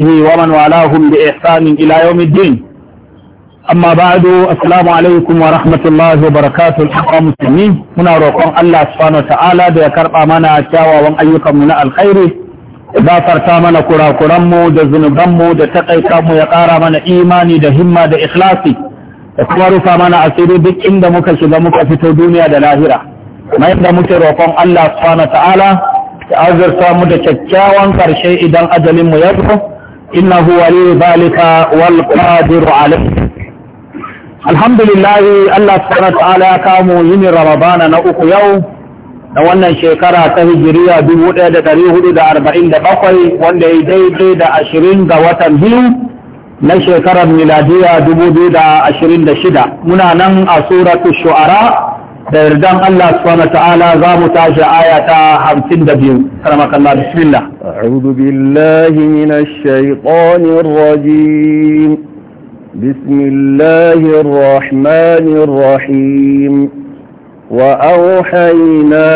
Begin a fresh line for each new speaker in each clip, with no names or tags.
وصحبه ومن والاهم بإحسان إلى يوم الدين أما بعد السلام عليكم ورحمة الله وبركاته الحق مسلمين هنا روكم الله سبحانه وتعالى دي كرب أمانا أتاوى وان أيكم من الخير غافر تامنا كرا كرمو دا زنبرمو دا تقي كامو يقارا من إيماني دا همة دا إخلاصي تكوارو فامنا أسيري بك إن دا مكشد مكشد دنيا دا لاهرة ما يبدا مكروكم الله سبحانه وتعالى ta azurta mu da kyakkyawan ƙarshe idan ajalinmu ya zo إنه ولي ذلك والقادر عليه الحمد لله الله سبحانه وتعالى كامو يمي رمضان نأخ يوم na wannan shekara ta hijiriya dubu ɗaya da hudu da arba'in da bakwai wanda ya daidai da ashirin ga watan biyu na shekarar miladiya dubu biyu da ashirin da shida muna nan a suratu shu'ara بيردام الله سبحانه وتعالى غام تاج آية حمسين دبيو سلامك الله بسم الله
أعوذ بالله من الشيطان الرجيم بسم الله الرحمن الرحيم وأوحينا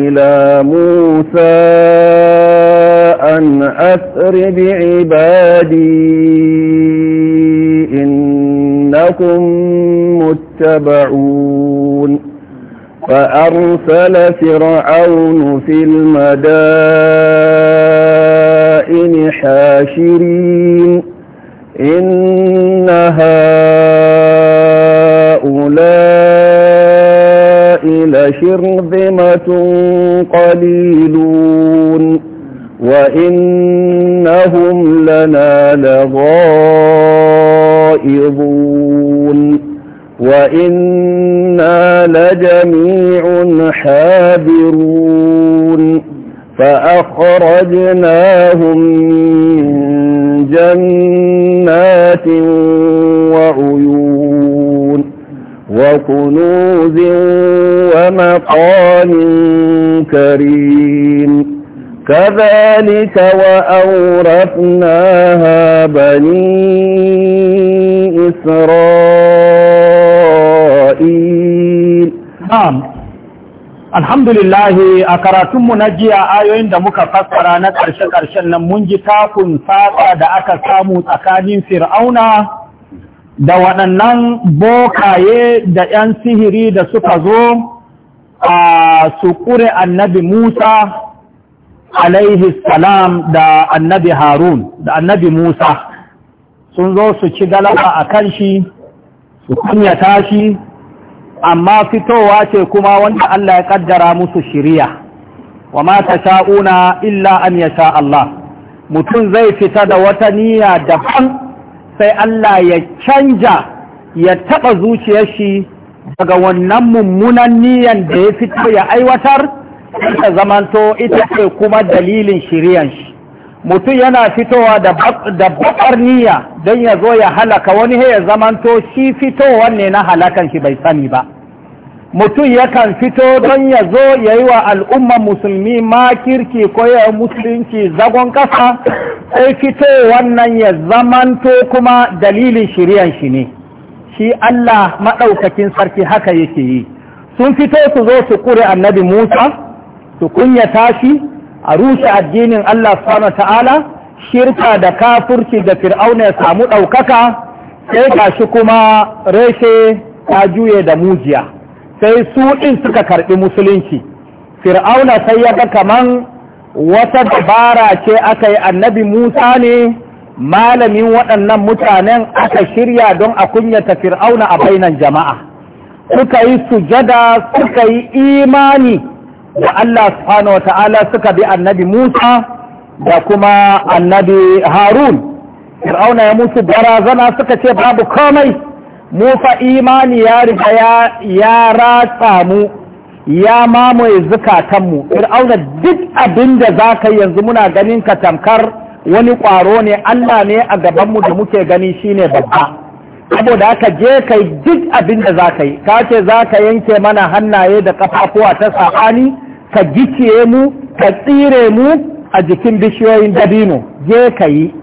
إلى موسى أن أسر بعبادي إنكم يتبعون فأرسل فرعون في المدائن حاشرين إن هؤلاء لشرذمة قليلون وإنهم لنا لغائظون وإنا لجميع حاذرون فأخرجناهم من جنات وعيون وكنوز ومقام كريم كذلك وأورثناها بني
إسرائيل نعم الحمد لله أكراتم منجي آيوين دمك فسر نترش ترشن منجي تاكن فاتا دعك سامو تكادين فرعونا da waɗannan bokaye da ‘yan sihiri da suka zo a su annabi Musa alaihi salam da annabi harun da annabi musa sun zo su ci galaba a kan shi su kunyata shi amma fitowa ce kuma wanda Allah ya kaddara musu shiriya wa mata sha'una illa an sha Allah mutum zai fita da wata niyya daban sai Allah ya canja ya taba zuciyar shi daga wannan mummunan niyyan da ya fito ya aiwatar ta zamanto ita ce kuma dalilin shiriyan shi mutum yana fitowa da bakar niyya don ya zo ya halaka wani ya zamanto shi fitowa ne na halakan shi bai sani ba mutum yakan fito don ya zo ya yi wa al'umman musulmi makirki ko ya musulunci zagon kasa sai fito wannan ya zamanto kuma dalilin shiriyan shi ne shi Allah maɗaukakin sarki haka yake yi sun fito su zo su kure annabi Musa su kunya tashi a rushe addinin Allah subhanahu ta'ala shirka da kafurci da fir'auna ya samu ɗaukaka sai tashi kuma reshe ta juye da mujiya sai su in suka karɓi musulunci fir'auna sai ya ga kaman wata dabara ce aka yi annabi musa ne malamin waɗannan mutanen aka shirya don a kunyata fir'auna a bainan jama'a suka yi sujada suka yi imani da Allah subhanahu wata'ala suka bi annabi Musa da kuma annabi Harun Fir'auna ya musu barazana suka ce babu komai mu fa imani ya riga ya ratsa mu ya mamaye zukatanmu Fir'auna duk abin da za ka yanzu muna ganin ka tamkar wani ƙwaro ne Allah ne a gabanmu da muke gani shine babba saboda haka je kai duk abin da za ka yi ka ce za ka yanke mana hannaye da kafafuwa ta sa'ani ka gicciye mu ka tsire mu a jikin bishiyoyin dabino je ka yi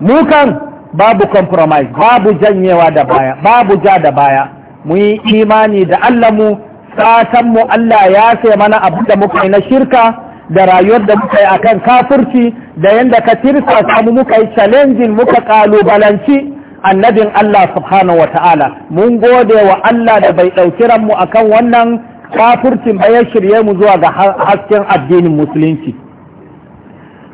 mukan babu compromise babu janyewa da baya babu ja da baya mu yi imani da Allah mu satan mu Allah ya sai mana abu da muka yi na shirka da rayuwar da muka yi kan kafurci da yadda ka tirsa samu muka yi challenging muka kalubalanci annabin Allah subhanahu wa ta'ala mun gode wa Allah da bai ɗauki ranmu akan wannan kafircin ba ya shirye mu zuwa ga hasken addinin musulunci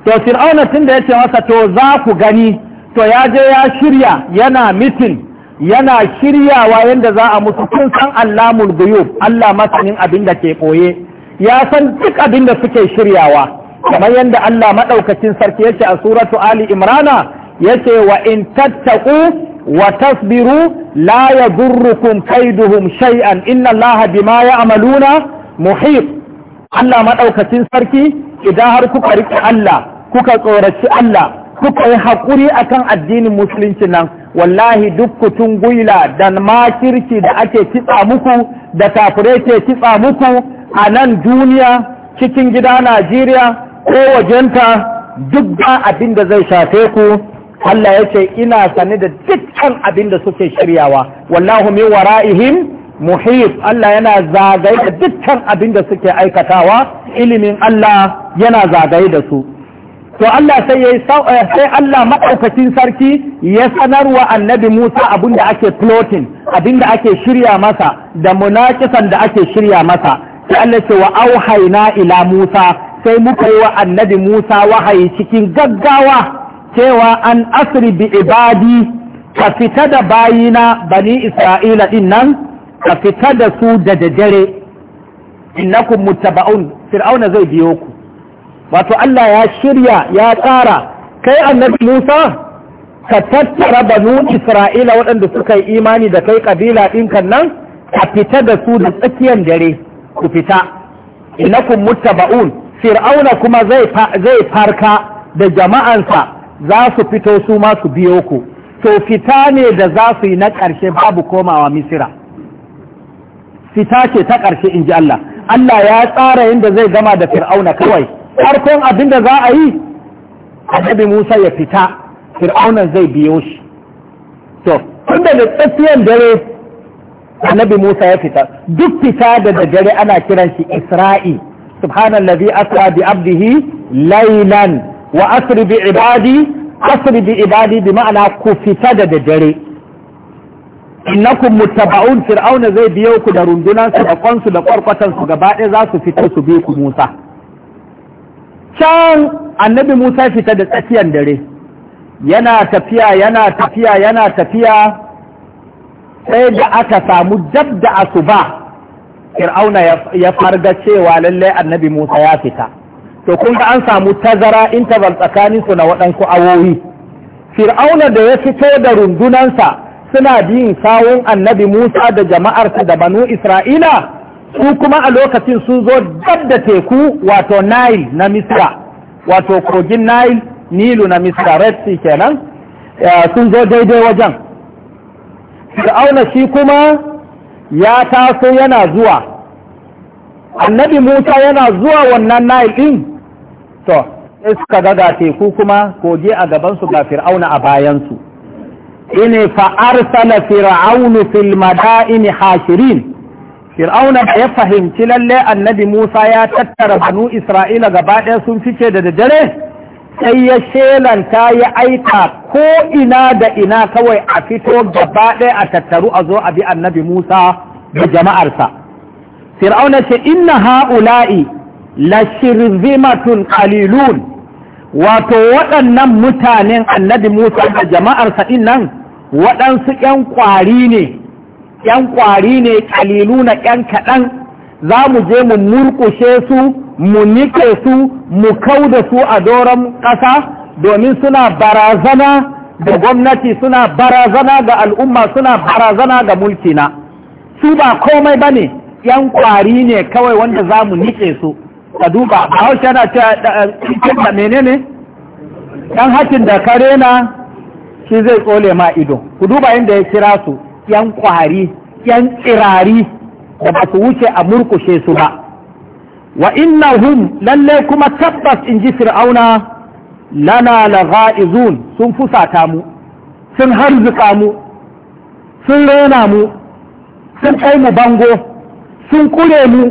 to fir'auna tun da ya ce masa to za ku gani to ya je ya shirya yana mitin yana shiryawa yadda za a mutu kun san allamul guyub Allah masanin abin da ke ɓoye ya san duk abin da suke shiryawa kamar yadda Allah maɗaukacin sarki yake a suratu Ali Imrana yace wa in tattaku wa tasbiru la yadurrukum kaiduhum shay'an inna allaha bima ya'maluna muhit Allah madaukakin sarki idan har kuka riƙe Allah kuka tsoraci Allah kuka yi haƙuri akan addinin musulunci nan wallahi duk kutun guila da makirki da ake kitsa muku da kafirai ke kitsa muku a nan duniya cikin gida Najeriya ko wajenta duk ba abin da zai shafe ku Allah ya ce ina sane da dukkan abin da suke shiryawa wallahu min wara'ihim muhit Allah yana zagaye da dukkan abin da suke aikatawa ilimin Allah yana zagaye da su to Allah sai yayi eh, sai Allah madaukakin sarki ya sanarwa annabi Musa abin da ake plotting abin da ake shirya masa da munakisan da ake shirya masa sai Allah ce wa auhayna ila Musa sai muka yi wa annabi Musa wahayi cikin gaggawa cewa an asri bi ibadi ka fita da bayina bani isra'ila ɗin nan ka fita da su da daddare innakum muttaba'un fir'auna zai biyo ku wato Allah ya shirya ya tsara kai annabi Musa ka tattara banu Isra'ila waɗanda suka yi imani da kai kabila ɗinkan nan ka fita da su da tsakiyar dare ku fita innakum muttaba'un fir'auna kuma zai farka da jama'ansa za su fito su ma su biyo ku to fita ne da za su yi na ƙarshe babu komawa misira fita ce ta ƙarshe in ji Allah Allah ya tsara inda zai gama da fir'auna kawai farkon abin da za a yi annabi Musa ya fita fir'aunan zai biyo shi to tunda daga tsakiyar dare annabi Musa ya fita duk fita da dare ana kiran shi Isra'i subhanallazi asra bi abdihi laylan wa asri bi ibadi asri ibadi bi ma'ana ku fita da dare innakum muttaba'un fir'auna zai biyo ku da rundunan su da kwansu da kwarkwatan su gaba ɗaya za su fita su bi ku Musa can annabi Musa fita da tsakiyar dare yana tafiya yana tafiya yana tafiya sai da aka samu dab da asuba fir'auna ya farga cewa lallai annabi Musa ya fita to kun ga an samu tazara interval tsakanin su na waɗansu awowi fir'auna da ya fito da rundunansa suna bin sawun annabi musa da jama'arsa da banu isra'ila su kuma a lokacin sun zo dab da teku wato nile na misra wato kogin nile nilu na misra red sea kenan sun zo daidai wajen fir'auna shi kuma ya taso yana zuwa annabi musa yana zuwa wannan nile ɗin. to iska ga teku kuma koge a gabansu ga fir'auna a bayansu ine fa'arsala fir'aunu fil mada'ini hashirin fir'auna ya fahimci lalle annabi musa ya tattara banu isra'ila gaba ɗaya sun fice da daddare sai ya shelanta ya aika ko ina da ina kawai a fito gaba ɗaya a tattaru a zo a bi annabi musa da jama'arsa fir'auna ce inna ha'ula'i la shirzimatun qalilun wato waɗannan mutanen annabi Musa da jama'ar sa nan waɗansu ƴan ƙwari ne ƴan ƙwari ne qaliluna ƴan kaɗan za mu je mu murƙushe su mu nike su mu kau da su a doron ƙasa domin suna barazana da gwamnati suna barazana ga al'umma suna barazana ga mulkina su ba komai ba ne ‘yan kwari ne kawai wanda zamu mu nike su ka duba a hausa na eh, menene ɗan hakin da kare na shi zai tsole ma ido ku duba inda ya kira su yan kwari yan tsirari da ba su wuce a murkushe su ba wa hun lalle kuma tabbas in ji fir'auna lana lagha'izun sun fusata mu sun harzuka mu sun rena mu sun kai mu bango sun kure mu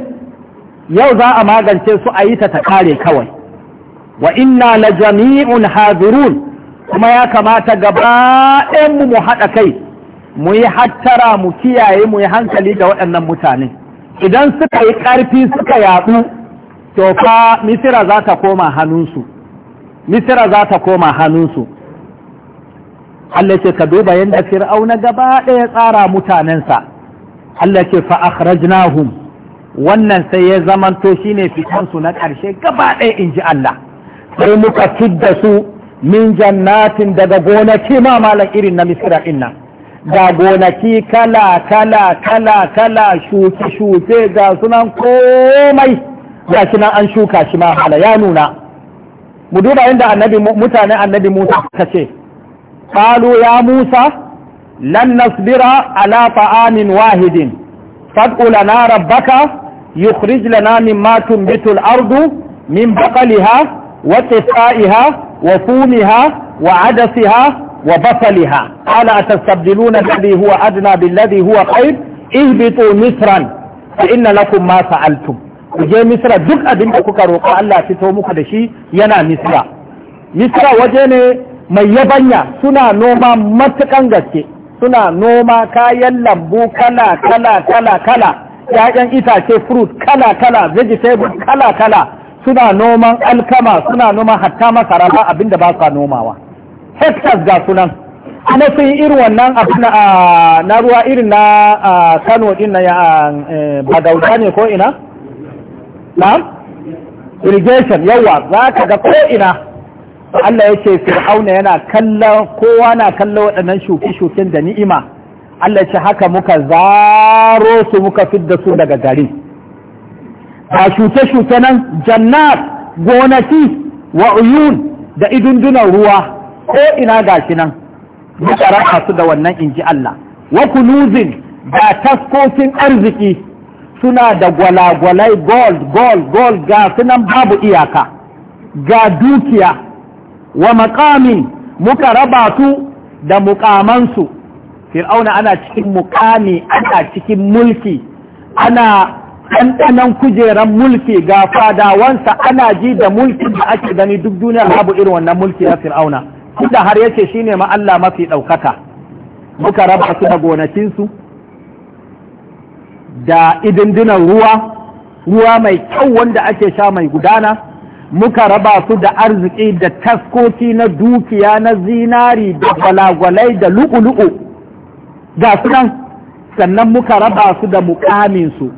yau za a magance su a yi ta ta kare kawai wa ina la jami'un hadirun kuma ya kamata gaba mu mu haɗa kai mu yi hattara mu kiyaye mu yi hankali da waɗannan mutane idan suka yi ƙarfi suka yaɗu to fa misira za ta koma hannunsu misira za ta koma hannunsu Allah ce ka duba yadda fir'auna gaba ɗaya tsara mutanensa Allah ce fa akhrajnahum wannan sai ya zamanto ne fitonsu na ƙarshe gaba ɗaya in ji Allah sai muka fidda su min jannatin daga gonaki ma malam irin na misira inna ga gonaki kala kala kala kala shuke shuke ga sunan komai Ya shi nan an shuka shi ma hala ya nuna mu duba inda annabi mutane annabi Musa ta ce qalu ya Musa lan nasbira ala ta'amin wahidin fad'u na rabbaka يخرج لنا مما تنبت الأرض من بقلها وقفائها وفومها وعدسها وبصلها قال أتستبدلون الذي هو أدنى بالذي هو خير اهبطوا مصرا فإن لكم ما فعلتم kuje misra duk abin kuka roƙa Allah fito muku da shi yana misra misra waje ne mai yabanya suna noma matukan gaske suna noma kayan lambu kala kala kala kala ‘ya'yan itace fruit kala-kala vegetable kala-kala suna noman alkama suna noman hatta masara ba abin da ba sa nomawa hectares ga sunan ana sun yi irin wannan abin na ruwa irin na kano din na eh, badauta ne ko ina na irrigation yawa za ka ga ko ina Allah ya ce fir'auna yana kallon kowa na kallon waɗannan shuke-shuken da ni'ima Allah ce haka muka zaro su muka fidda su daga gari Ba shuke-shuke nan jannat gonaki wa uyun da idundunan ruwa ko ina gashi nan muka raka su da wannan inji Allah wa kunuzin da taskokin arziki suna da gwalagwalai gold gold gold ga sunan babu iyaka ga dukiya wa makamin muka raba su da mukamansu fir'auna ana cikin mukami ana cikin mulki ana ɗanɗanan kujeran mulki ga fadawansa ana ji da mulki da ake gani duk duniyar babu irin wannan mulki na fir'auna tunda har yace shine ma Allah mafi ɗaukaka
muka raba su da
gonakinsu da idindinan ruwa ruwa mai kyau wanda ake sha mai gudana muka raba su da arziki da taskoki na dukiya na zinari da gwalagwalai da lu'u-lu'u. ga su sannan muka raba su da mukaminsu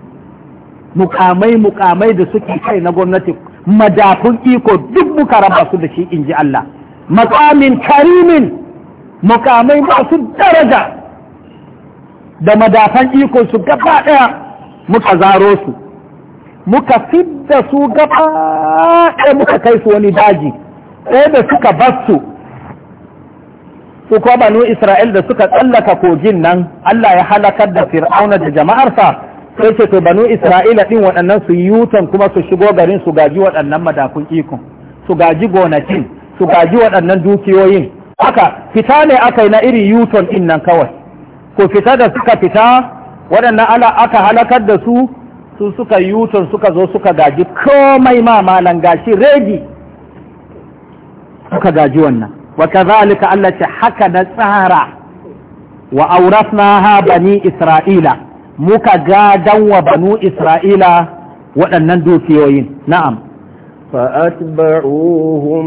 mukamai mukamai da suke kai na gwamnati madafun iko duk muka raba su da shi in ji Allah makamin karimin mukamai masu daraja da madafan iko su gaba ɗaya muka zaro su muka fidda su gaba daya muka kai su wani daji ɗaya da suka bar su su ko banu Isra'il da suka tsallaka kogin nan Allah ya halakar da Fir'auna da jama'arsa sai ce to banu Isra'ila ɗin waɗannan su yutan kuma su shigo garin su gaji waɗannan madafun ikon su gaji gonakin su gaji waɗannan dukiyoyin haka fita ne aka yi na iri yuton din nan kawai ku fita da suka fita waɗannan ala aka halakar da su su suka yuton suka zo suka gaji komai ma malan gashi regi suka gaji wannan wa kazalika Allah ce haka na tsara wa aurasnaha bani isra'ila muka gadan wa banu isra'ila waɗannan dukiyoyin na'am
fa'atba'uhum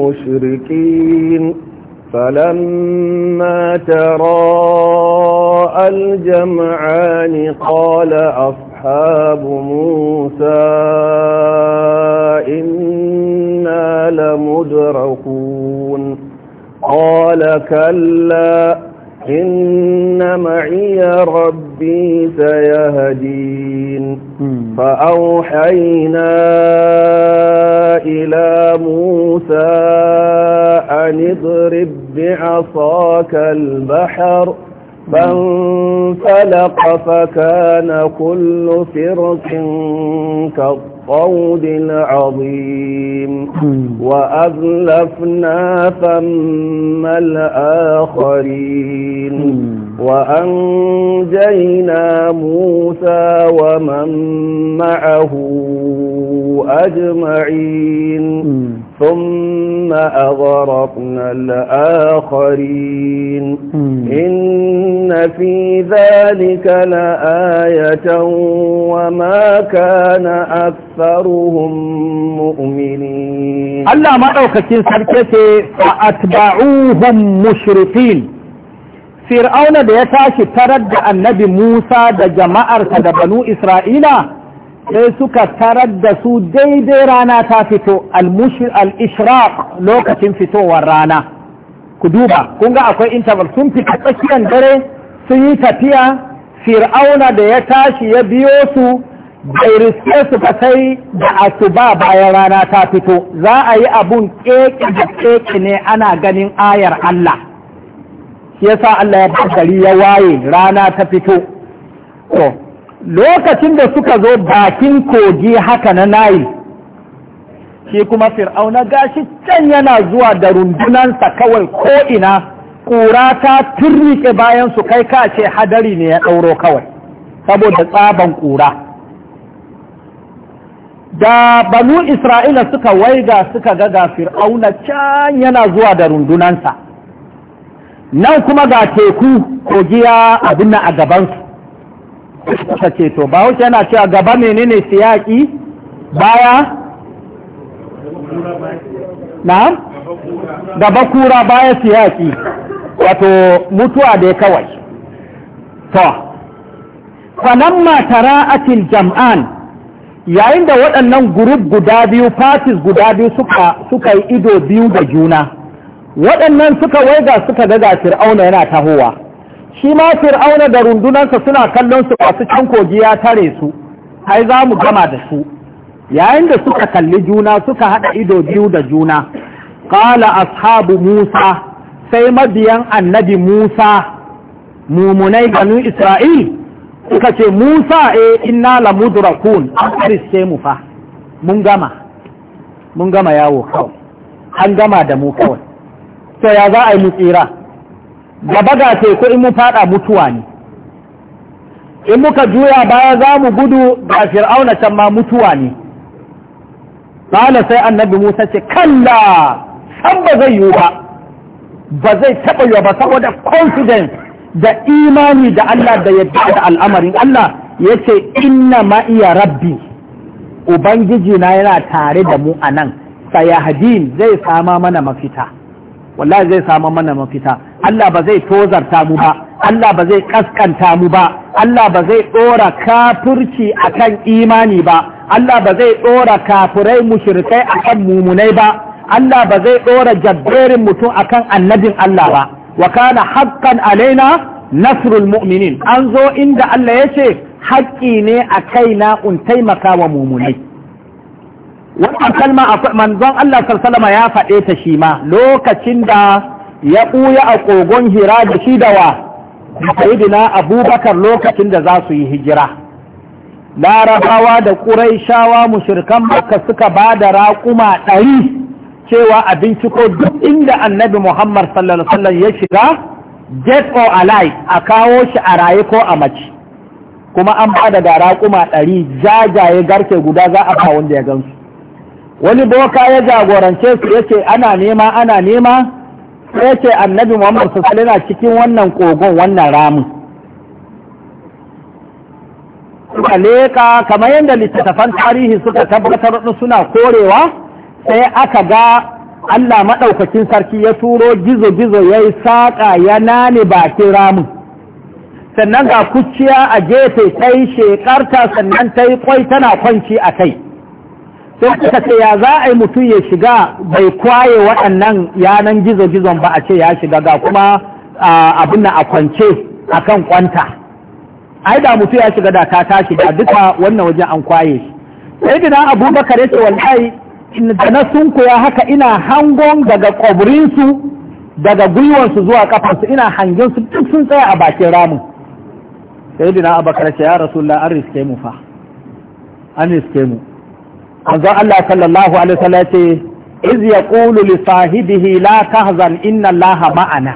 mushrikin فلما تراءى الجمعان قال أصحاب موسى إنا لمدركون قال كلا إن معي ربي سيهدين فأوحينا إلى موسى أن اضرب بعصاك البحر فانفلق فكان كل فرق كالطود العظيم وأذلفنا ثم الآخرين وأنجينا موسى ومن معه أجمعين ثم أغرقنا الآخرين إن في ذلك لآية وما كان أكثرهم مؤمنين الله
ما أوكتين سركتي فأتبعوهم مشرفين fir'auna da ya tashi tarar da annabi musa da jama'arsa da banu isra'ila sai suka tarar da su daidai rana ta fito al-ishraq lokacin fitowar rana ku duba kun ga akwai interval sun fita tsakiyar dare sun yi tafiya fir'auna da ya tashi ya biyo su bai riske su ba sai da asuba bayan rana ta fito za a yi abun keke da keke ne ana ganin ayar Allah shi sa Allah ya gari ya waye rana ta fito to lokacin da suka zo bakin kogi haka na nayi, shi kuma fir'auna gashi can yana zuwa da rundunansa kawai ko ina ƙura ta turnike bayan su kai ka ce hadari ne ya ɗauro kawai saboda tsaban ƙura da banu isra'ila suka waiga suka ga ga fir'auna can yana zuwa da rundunansa nan kuma ga teku kogiya abin a gabansu ta ce to ba wuce yana cewa gaba menene yaƙi baya na gaba kura baya yaƙi wato mutuwa da kawai to a cikin jam'an yayin da waɗannan gurub guda biyu fatis guda biyu suka yi ido biyu da juna waɗannan suka waiga suka daga fir'auna yana tahowa shi ma fir'auna da rundunansa suna kallon su masu can kogi ya tare su ai za mu gama da su yayin da suka kalli juna suka haɗa ido biyu da juna ƙala ashabu musa sai mabiyan annabi musa mumunai ganin isra'il suka ce musa e inna la mudrakun an mu fa mun gama mun gama yawo kawai an gama da mu kawai to ya za a yi tsira gaba ga teku in mu fada mutuwa ne in muka juya baya za mu gudu ga fir'auna can ma mutuwa ne kala sai annabi musa ce kalla san ba zai yiwu ba ba zai taɓa yi ba saboda confidence da imani da Allah da yadda da al'amarin Allah ya ce inna ma'iya rabbi ubangiji na yana tare da mu a nan sayahadin zai sama mana mafita wallahi zai samu mana mafita Allah ba zai tozarta mu ba Allah ba zai kaskanta mu ba Allah ba zai dora kafirci akan imani ba Allah ba zai dora kafirai mushrikai akan mumunai ba Allah ba zai dora jabberin mutum akan annabin Allah ba wa kana haqqan alaina nasrul mu'minin an zo inda Allah yace haƙƙi ne a kaina in taimaka wa mumunai wannan kalma manzon Allah sallallahu ya faɗe ta shi ma lokacin da ya ɓuya a kogon hira da shi da wa sayyidina abubakar lokacin da za su yi hijira larabawa da ƙuraishawa shirkan maka suka ba da raƙuma ɗari cewa a binciko duk inda annabi muhammad sallallahu alaihi ya shiga dead or alive a kawo shi a raye ko a mace kuma an ba da raƙuma ɗari jajaye garke guda za a ba wanda ya gansu wani boka ya jagorance su yace ana nema ana nema sai ce annabi muhammad sallallahu yana cikin wannan kogon wannan ramin suka leka kamar yadda littattafan tarihi suka tabbatar suna korewa sai aka ga Allah maɗaukacin sarki ya turo gizo-gizo ya yi saƙa ya nane bakin ramin sannan ga kuciya a gefe ta yi shekarta sannan ta kwai tana kwanci a kai sai suka ce ya za a yi mutum ya shiga bai kwaye waɗannan yanan gizo-gizon ba a ce ya shiga ga kuma abin na a kwance a kan kwanta ai da mutum ya shiga da ta tashi da duka wannan wajen an kwaye shi sai gina abubakar ya ce wallahi da na sunkuya haka ina hangon daga kwabrinsu daga gwiwansu zuwa kafansu ina hangen su duk sun tsaya a bakin ramin sai abubakar ya rasu ya an riske mu fa an riske mu manzon Allah sallallahu alaihi wasallam ce iz yaqulu li sahibihi la tahzan inna Allaha ma'ana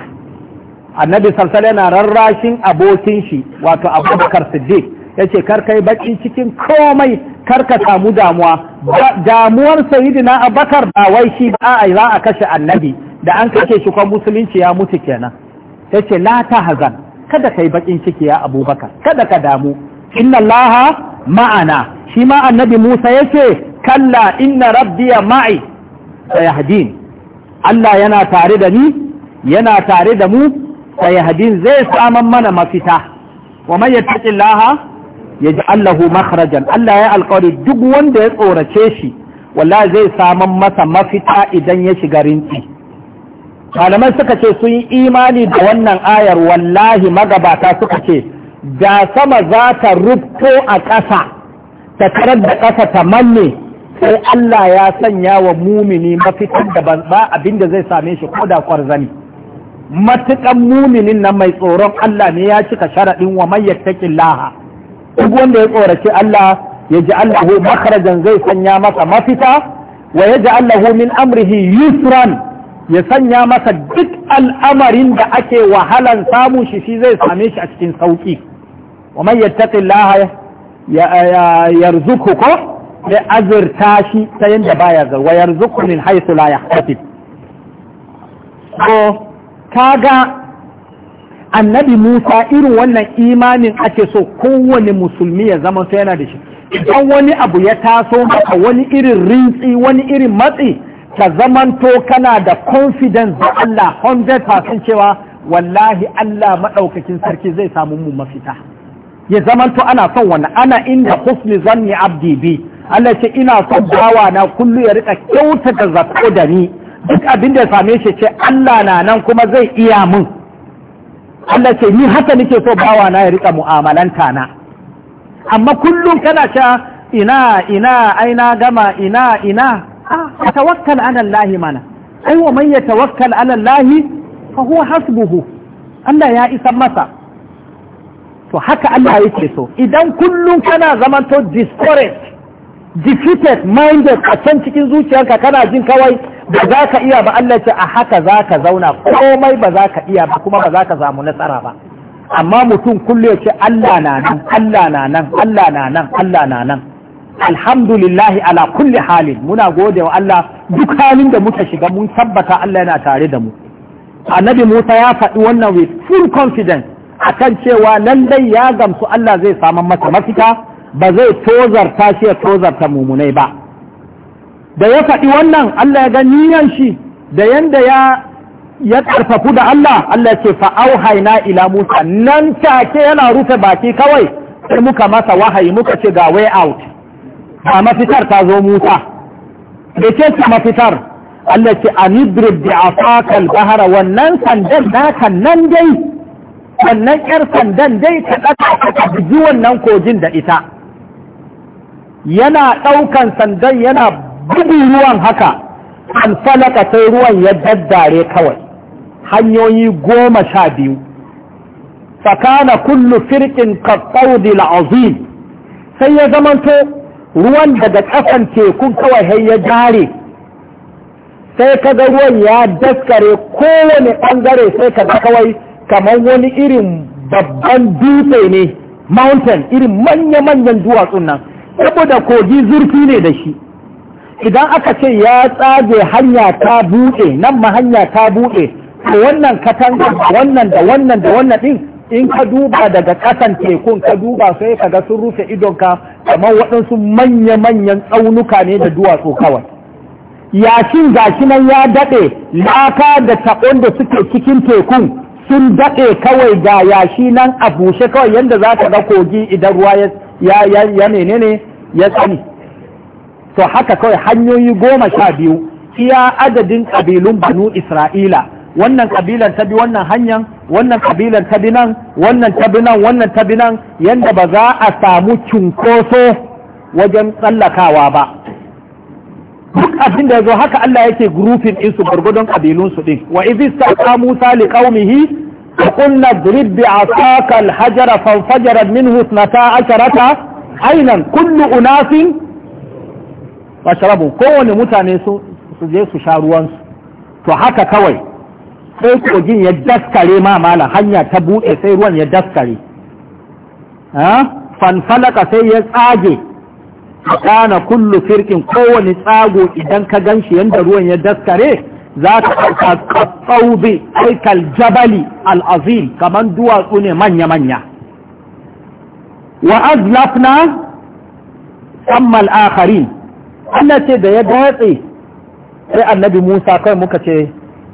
annabi sallallahu alaihi rarrashin abokin shi wato Abubakar Siddiq yace kar kai baki cikin komai kar ka samu damuwa damuwar sayyidina Abubakar ba wai shi ba ai za a kashe annabi da an kashe shi kuma musulunci ya mutu kenan yace la tahzan kada kai bakin ciki ya Abubakar kada ka damu inna Allaha ma'ana shi ma annabi Musa yace kalla inna rabbiya ma'i sayahdin Allah yana tare da ni yana tare da mu sayahdin zai saman mana mafita wa man yattaqillaha yaj'al lahu makhrajan Allah ya alƙawari duk wanda ya tsorace shi wallahi zai saman masa mafita idan ya shiga rinci malamai suka ce sun yi imani da wannan ayar wallahi magabata suka ce da sama za ta rubto a ƙasa ta karar da ƙasa ta manne sai Allah ya sanya wa mumini mafitar da ba abinda zai same shi ko da kwarzani matukan muminin nan mai tsoron Allah ne ya cika sharaɗin wa mai laha duk wanda ya tsoraci Allah ya ji Allahu makarajan zai sanya masa mafita wa ya ji Allahu min amrihi yusran ya sanya masa duk al'amarin da ake wahalan samun shi shi zai same shi a cikin sauki wa mai ya yarzuku ko Mai azurta shi ta yadda baya zarwa yarzuqu min haisu la yahtasib ko ga annabi Musa irin wannan imanin ake so kowane musulmi ya zama sai yana da shi idan wani abu ya taso maka wani irin rintsi wani irin matsi ka zamanto kana da confidence da Allah 100% cewa wallahi Allah maɗaukakin sarki zai samu mu mafita ya zamanto ana son wannan ana inda husni zanni abdi bi Allah ce ina son bawa na kullu ya rika kyauta kyautata zato da ni duk abin da ya same shi ce Allah na nan kuma zai iya mun Allah ce ni haka nake so bawa na ya rika mu'amalanta na amma kullum kana sha ina ina aina gama ina ina a ah, tawakkal ala Allah mana ai wa man yatawakkal ala Allah fa huwa hasbuhu Allah ya isa masa to haka Allah yake so idan kullum kana zamanto discouraged defeated minded a can cikin zuciyarka kana jin kawai ba za ka iya ba Allah ce a haka za ka zauna komai ba za ka iya ba kuma ba za ka samu nasara ba amma mutum kullum ya ce Allah na nan Allah na nan Allah na nan Allah na nan alhamdulillahi ala kulli halin muna gode wa Allah duk halin da muka shiga mun tabbata Allah yana tare da mu annabi Musa ya faɗi wannan with full confidence akan cewa nan dai ya gamsu Allah zai samu masa mafita ba zai tozarta shi ya tozarta mummunai ba da ya faɗi wannan Allah ya ga niyan shi da yanda ya ya ƙarfafu da Allah Allah ce fa'au haina ila Musa nan take yana rufe baki kawai sai muka masa wahayi muka ce ga way out ba mafitar ta zo Musa da ke ce mafitar Allah ce a nidrib da afakal bahara wannan sandan kan nan dai wannan 'yar sandan dai ka ɗaka ka bugi wannan kogin da ita yana ɗaukan sandan yana bugu ruwan haka an falaka sai ruwan ya daddare kawai hanyoyi goma sha biyu fakana kullu firkin kaɓaudil azim sai ya zamanto ruwan daga ƙasan teku kawai ya jare sai kaga ruwan ya daskare kowane ɓangare sai kaga kawai kamar wani irin babban dutse ne mountain irin manya-manyan duwatsun nan saboda kogi zurfi ne da shi idan aka ce ya tsage hanya ta buɗe nan ma hanya ta buɗe to wannan katanga wannan da wannan da wannan ɗin in ka duba daga ƙasan tekun ka duba sai ka ga sun rufe idonka kamar waɗansu manya-manyan tsaunuka ne da duwatsu kawai yashin gashi nan ya daɗe laka da taɓon da suke cikin tekun sun daɗe kawai ga yashi nan a bushe kawai yadda za ka ga kogi idan ruwa ya ya ya ya menene ya sani to haka kawai hanyoyi goma sha biyu iya adadin kabilun banu isra'ila wannan kabilan ta bi wannan hanyar wannan kabilan ta bi nan wannan ta bi nan wannan ta bi nan yadda ba za a samu cunkoso wajen tsallakawa ba duk abin da ya zo haka Allah yake gurufin insu gwargwadon gurgudun kabilun su din wa idh istaqa Musa liƙaumihi. a فقلنا اضرب بعصاك الحجر فانفجرت منه اثنتا عشرة عينا كل أناس masharabu kowane mutane su je su sha ruwansu to haka kawai sai kogin ya daskare ma mala hanya ta buɗe sai ruwan ya daskare fanfalaka sai ya tsage kana kullu firkin kowane tsago idan ka gan shi yadda ruwan ya daskare za ta ɗauka kaɓɓaubi aikal jabali al'azim kamar duwatsu ne manya-manya wa azlafna sammal akharin Allah ce da ya datse sai annabi Musa kai muka ce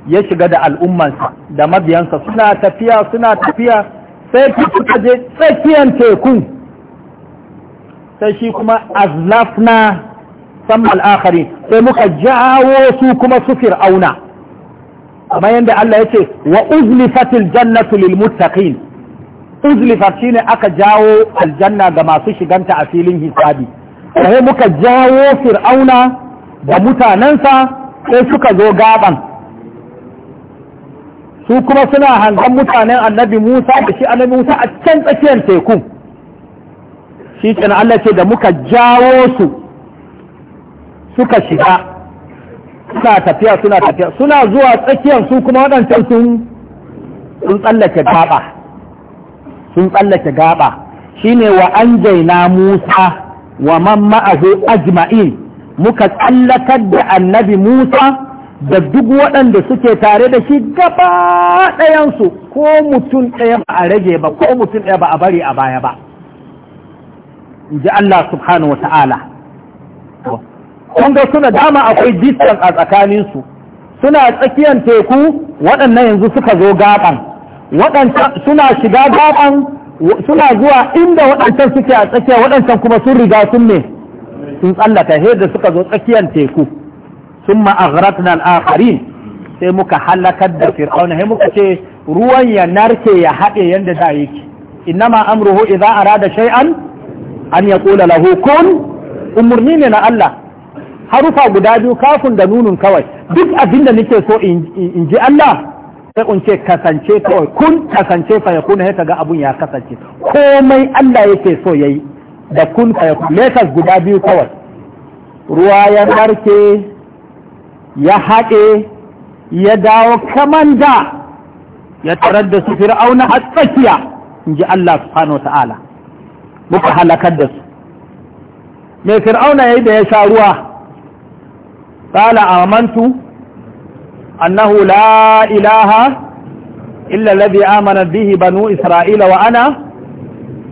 ya shiga da al'ummansa da mabiyansa suna tafiya suna tafiya sai suka je tsakiyar tekun sai shi kuma azlafna samma al'akari sai muka jawo su kuma su fir'auna kamar yadda Allah ya ce wa uzlifatil jannatu lil muttaqin uzlifat shine aka jawo aljanna ga masu shiganta a filin hisabi sai muka jawo fir'auna da mutanensa sai suka zo gaban su kuma suna hangen mutanen annabi Musa da shi annabi Musa a can tsakiyar teku shi kenan Allah ce da muka jawo su suka shiga suna tafiya suna tafiya suna zuwa tsakiyar su kuma waɗancan sun tsallake gaba sun tsallake gaba shine wa an jaina Musa wa man ma'ahu ajma'in muka tsallakar da annabi Musa da duk waɗanda suke tare da shi gaba ɗayansu ko mutum ɗaya ba a rage ba ko mutum ɗaya ba a bari a baya ba in ji Allah subhanahu wa ta'ala kun ga suna dama akwai distance a tsakaninsu suna tsakiyar teku waɗannan yanzu suka zo gaban waɗancan suna shiga gaban suna zuwa inda waɗancan suke a tsakiya waɗancan kuma sun riga sun ne sun tsallaka he suka zo tsakiyar teku sun ma'agharatna al'akharin sai muka halakar da fir'auna sai muka ce ruwan ya narke ya haɗe yadda da yake innama amruhu idza arada shay'an an yaqula lahu kun umurni ne na Allah harufa guda biyu kafin da nunun kawai duk abin da nake so in ji Allah sai kun ce kasance kawai kun kasance fa ya kuna ga abun ya kasance komai Allah yake so yayi da kun fa ya kuna lekas guda biyu kawai ruwa ya barke ya haɗe ya dawo kaman da ya tarar da su fir'auna a tsakiya in ji Allah subhanahu wa ta'ala muka halakar da su mai fir'auna yayi da ya sha ruwa قال آمنت أنه لا إله إلا الذي آمنت به بنو إسرائيل وأنا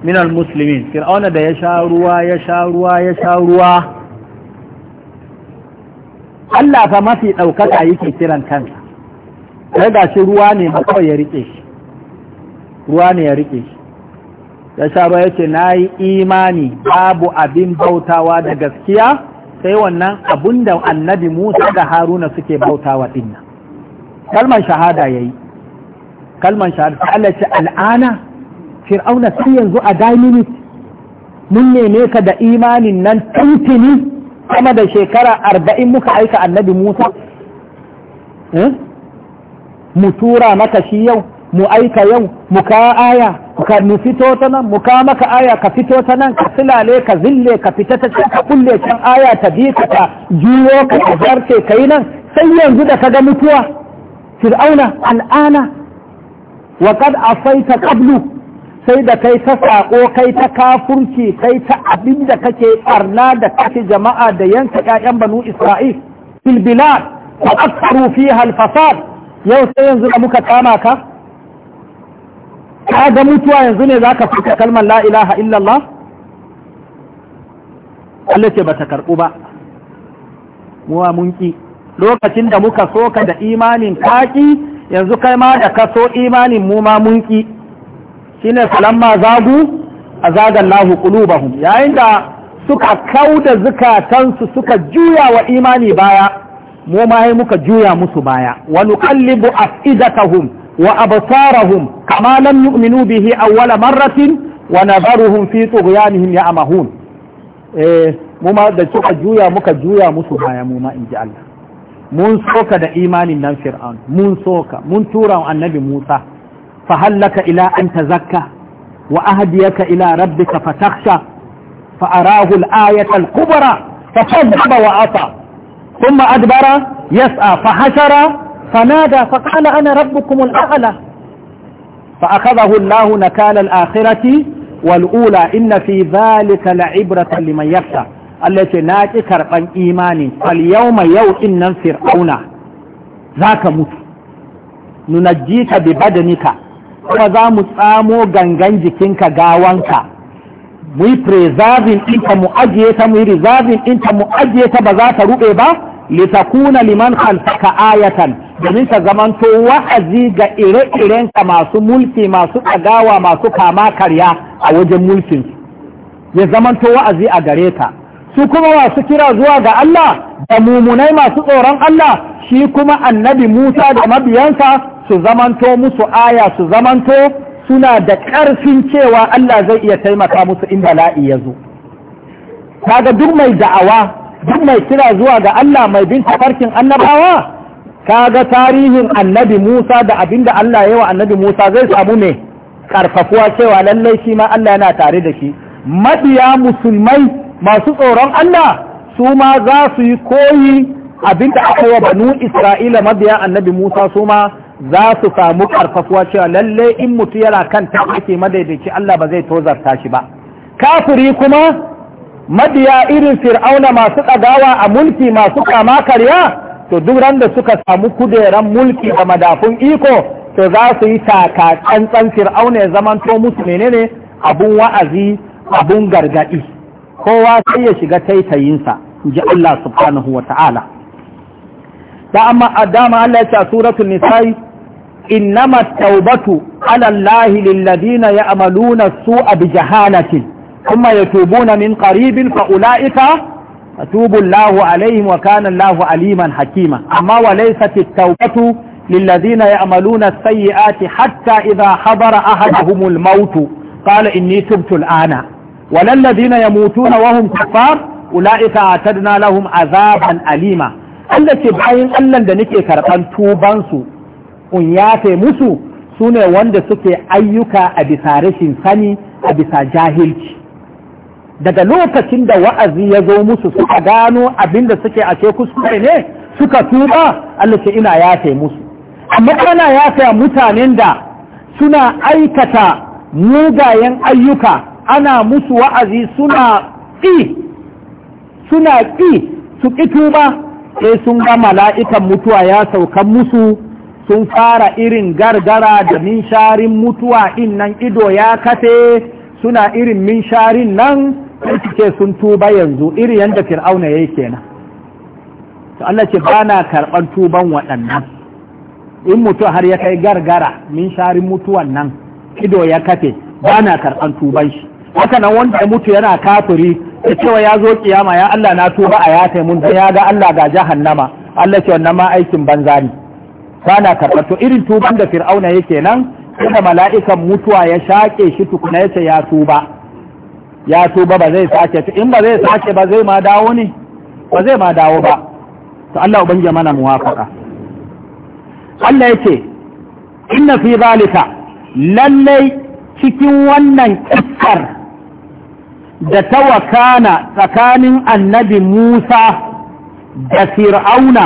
من المسلمين فرعون ده يشاروا يشاروا يشاروا Allah fa mafi ɗaukaka yake kiran kansa, sai ga shi ruwa ne makawai ya riƙe ruwa ne ya riƙe ya sha ruwa ya ce, imani babu abin bautawa da gaskiya sai wannan abun da annabi Musa da Haruna suke bautawa din kalman shahada yayi kalman shahada ta Allah ce al'ana fir'auna sai yanzu a daimini mun neme ka da imanin nan tuntuni sama da shekara arba'in muka aika annabi Musa eh? mu tura maka shi yau mu aika yau mu kawo aya ka fito ta nan mu maka aya ka fito ta nan ka filale ka zille ka fita ta can ka kulle can aya ta bi ka ta juyo ka ta zarce ka yi nan sai yanzu da ka ga mutuwa fir'auna al'ana wa kad afaita qablu sai da kai ta sako kai ta kafurci kai ta abin da kake barna da kake jama'a da yanka ƴaƴan banu isra'il fil bilad fa aktharu fiha al fasad yau sai yanzu da muka kama ka ka ga mutuwa yanzu ne zaka fita kalmar la ilaha illallah Allah ce bata karɓu ba muwa mun lokacin da muka so ka da imanin kaki yanzu kai ma da ka so imanin mu ma mun ki shine falamma zagu ba qulubahum yayin da suka da zukatansu suka juya wa imani baya mu ma yi muka juya musu baya wa nuqallibu afidatahum wa absarahum kama lam yu'minu bihi awwala marratin wa nadharuhum fi tughyanihim ya'mahun eh da suka juya muka juya musu baya mu ma inji Allah mun soka da imanin nan fir'aun mun soka mun tura annabi Musa fa hallaka ila an tazakka wa ahdiyaka ila rabbika fatakhsha fa arahu al-ayata al-kubra fa wa asa thumma adbara yas'a fa hashara فنادى فقال أنا ربكم الأعلى فأخذه الله نكال الآخرة والأولى إن في ذلك لعبرة لمن يخشى التي ناتي كربان إيماني فاليوم يو إن فرعون ذاك موت ننجيك ببدنك وذا متآمو غنغن جكينك غاوانك muyi preserving ɗinta mu ajiye ta muyi reserving ɗinta mu ajiye ta ba za ta ruɓe ba litakuna liman khalfaka ayatan domin ka zamanto wa'azi ga ire-irenka masu mulki masu tsagawa masu kama karya a wajen mulkin ya zamanto wa'azi a gare ka su kuma masu kira zuwa ga Allah da mumunai masu tsoron Allah shi kuma annabi Musa da mabiyansa su zamanto musu aya su zamanto suna da ƙarfin cewa Allah zai iya taimaka musu in bala'i ya zo ga duk mai da'awa duk mai kira zuwa ga Allah mai bin tafarkin annabawa Ka ga tarihin annabi Musa da abinda Allah ya yi wa annabi Musa zai samu ne karfafuwa cewa lallai shi ma Allah yana tare da shi mabiya musulmai masu tsoron Allah su ma za su yi koyi abinda aka wa banu Isra'ila mabiya annabi Musa su ma za su samu karfafuwa cewa lallai in mutu yana kan ta ake madaidaici Allah ba zai tozarta shi ba kafiri kuma mabiya irin fir'auna masu tsagawa a mulki masu kama karya to duk ran da suka samu kuderan mulki da madafun iko to za su yi taka tsantsan fir'auna ya zamanto musu menene abun wa'azi abun gargaɗi. kowa sai ya shiga taitayinsa ji Allah subhanahu wa ta'ala da amma adama Allah ya ce suratul nisa'i innama taubatu ala Allah lilladina ya'maluna su'a bi jahalatin kuma yatubuna min qaribin fa ulaika atubu Allah alaihim wa kana Allah aliman hakima amma wa laysat at-tawbatu lilladhina ya'maluna as-sayyi'ati hatta idha habara ahaduhum al-maut qala inni tubtu Walallazina ya mutu lalladhina yamutuna wa hum kuffar ulaika atadna lahum azaban alima Allah ce bayan Allah da nake karban tubansu su un musu sune wanda suke ayyuka a bisa rashin sani a bisa jahilci daga lokacin da wa'azi ya zo musu suka gano abinda suke a ce kuskure ne suka tuba Allah ce ina yafe musu amma ana yafe mutanen da suna aikata mugayen ayyuka ana musu wa'azi suna ƙi suna ƙi su ƙi tuba sai sun ga mala'ikan mutuwa ya sauka musu sun fara irin gargara da min sharin mutuwa in nan ido ya kafe suna irin min sharin nan ce sun tuba yanzu iri yadda fir'auna ya yi kenan to Allah ce ba na karɓar tuban waɗannan in mutum har ya kai gargara min shari mutuwan nan ido ya kafe ba na karɓar tuban shi haka nan wanda ya mutu yana kafiri ya cewa ya zo kiyama ya Allah na tuba a yata mun dan ya ga Allah ga jahannama Allah ce wannan ma aikin banza ne ba na karɓar to irin tuban da fir'auna yake nan kuma mala'ikan mutuwa ya shaƙe shi tukuna ya ce ya tuba ya tuba ba zai sake in ba zai sake ba zai ma dawo ne ba zai ma dawo ba to Allah ubangiji mana muwafaka Allah yake inna fi zalika lallai cikin wannan kissar da ta wakana tsakanin annabi Musa da Fir'auna